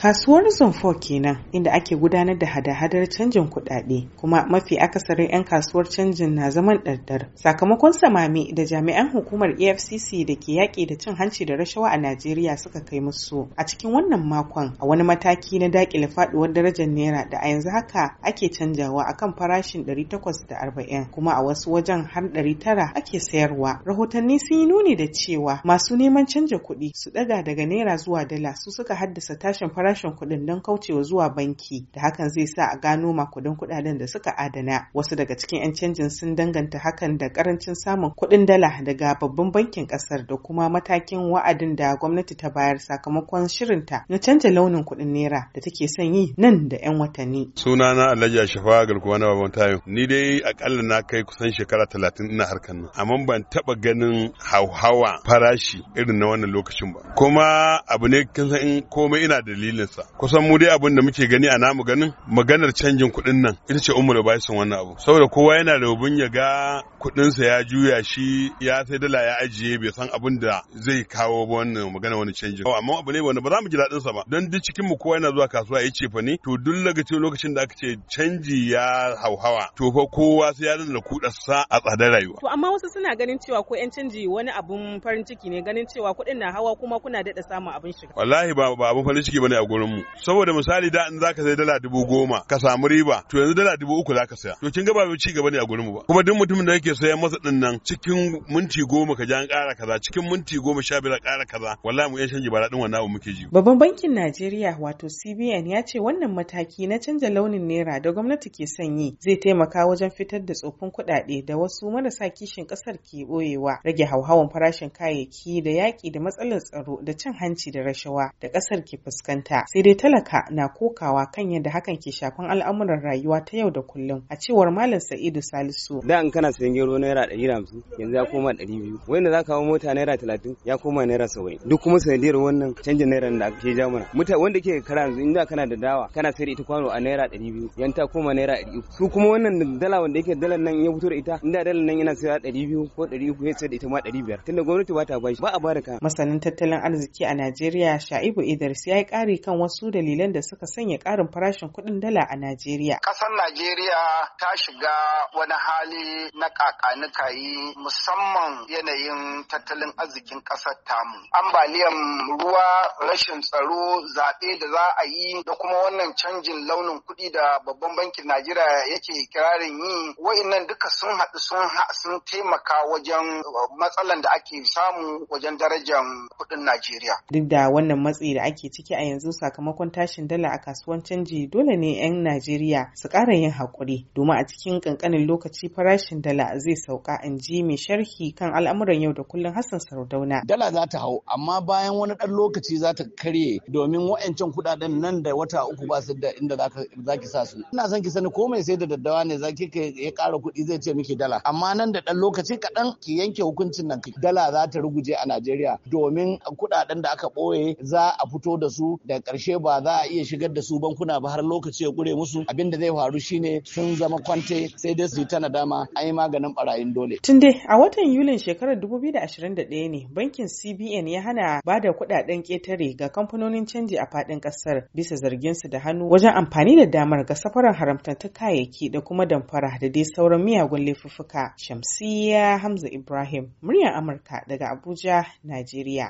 Kasuwar Zonfo kenan inda ake gudanar da hada-hadar canjin kuɗaɗe kuma mafi akasarin 'yan kasuwar canjin na zaman ɗarɗar. Sakamakon samami da jami'an hukumar EFCC da ke yaƙi da cin hanci da rashawa a Najeriya suka kai musu a cikin wannan makon a wani mataki na daƙile faɗuwar darajar naira da a yanzu haka ake canjawa a kan farashin ɗari takwas da arba'in, kuma a wasu wajen har ɗari tara ake sayarwa. Rahotanni sun yi nuni da cewa masu neman canja kuɗi su ɗaga daga naira zuwa dala su suka haddasa tashin farashin rashin kuɗin don kaucewa zuwa banki da hakan zai sa a gano makudin kuɗaɗen da suka adana. Wasu daga cikin 'yan canjin sun danganta hakan da karancin samun kuɗin dala daga babban bankin ƙasar da kuma matakin wa'adin da gwamnati ta bayar sakamakon shirinta na canja launin kuɗin naira da take son yi nan da 'yan watanni. Sunana Alhaji shafa galkuwa na Baban Tayo. Ni dai akalla na kai kusan shekara talatin ina harkan nan. Amma ban taba ganin hauhawa farashi irin na wannan lokacin ba. Kuma abu ne kin san komai ina dalilin familinsa kusan mu dai abin da muke gani a namu ganin maganar canjin kuɗin nan ita ce umar bayan wannan abu saboda kowa yana da rubun ya ga sa ya juya shi ya sai dala ya ajiye bai san abin da zai kawo ba wannan magana wani canjin amma abu ne wanda ba za mu ji daɗin sa ba don duk cikin mu kowa yana zuwa kasuwa ya ce fa ne to duk lokacin lokacin da aka ce canji ya hauhawa to fa kowa sai ya danna sa a tsadar rayuwa to amma wasu suna ganin cewa ko 'yan canji wani abun farin ciki ne ganin cewa kuɗin na hawa kuma kuna daɗa samun abin shiga wallahi ba ba abun farin ciki bane a mu saboda misali da in zaka sai dala dubu goma ka samu riba to yanzu dala dubu uku zaka saya to kin ga ba ci gaba ne a mu ba kuma duk mutumin da yake sayan masa din nan cikin minti goma ka jan kara kaza cikin minti goma sha biyar kara kaza wallahi mu yan shan gibara din wannan abu muke ji babban bankin Najeriya wato CBN ya ce wannan mataki na canja launin naira da gwamnati ke sanyi zai taimaka wajen fitar da tsofin kuɗaɗe da wasu marasa kishin ƙasar ke ɓoyewa rage hauhawan farashin kayayyaki da yaƙi da matsalar tsaro da cin hanci da rashawa da ƙasar ke fuskanta sai dai talaka na kokawa kan yadda hakan ke shafan al'amuran rayuwa ta yau da kullum a cewar malam sa'idu salisu da in kana sayan gero naira ɗari da hamsin yanzu ya koma ɗari biyu wanda za ka hawa mota naira talatin ya koma naira saba'in duk kuma sanadiyar wannan canjin naira da ake ja mana muta wanda ke kara yanzu inda kana da dawa kana sayar ita kwano a naira ɗari biyu yan ta koma naira ɗari uku su kuma wannan dala wanda yake dalar nan ya fito da ita inda dalar nan yana sayar ɗari biyu ko ɗari uku ya sayar da ita ma ɗari biyar tunda gwamnati ba ta bashi ba a ka. masanin tattalin arziki a Najeriya Sha'ibu Idris ya yi ƙari kan kan wasu dalilan da suka sanya ƙarin farashin kuɗin dala a Najeriya. Ƙasar Najeriya ta shiga wani hali na yi, musamman yanayin tattalin arzikin ƙasar tamu. Ambaliyan ruwa, rashin tsaro, zaɓe da za a yi da kuma wannan canjin launin kuɗi da babban bankin Najeriya yake kirarin yi, wa'innan duka sun haɗu sun sun taimaka wajen uh, matsalan da ake samu wajen darajar kuɗin Najeriya. Duk da wannan matsi da ake ciki a yanzu yanzu sakamakon tashin dala a kasuwan canji dole ne 'yan Najeriya su ƙara yin haƙuri domin a cikin ƙanƙanin lokaci farashin dala zai sauka in ji mai sharhi kan al'amuran yau da kullum Hassan Sardauna. Dala za ta hau amma bayan wani ɗan lokaci za ta karye domin wa'ancan kuɗaɗen nan da wata uku ba su da inda za ki sa su. Ina son ki sani ko mai sai da daddawa ne za ki ya ƙara kuɗi zai ce miki dala amma nan da ɗan lokaci kaɗan ki yanke hukuncin nan dala za ta ruguje a Najeriya domin kuɗaɗen da aka ɓoye za a fito da su da karshe ba za a iya shigar da su bankuna ba har lokaci ya gure musu abin da zai faru shine sun zama kwante sai dai su yi ta nadama an yi maganin barayin dole. Tunde, a watan Yulin shekarar 2021 ne bankin CBN ya hana ba da kuɗaɗen ketare ga kamfanonin canji a faɗin kasar bisa zargin su da hannu wajen amfani da damar ga safarar haramtattun kayayyaki da kuma damfara da dai sauran miyagun laifuffuka. Shamsiyya Hamza Ibrahim, muryar Amurka daga Abuja, Najeriya.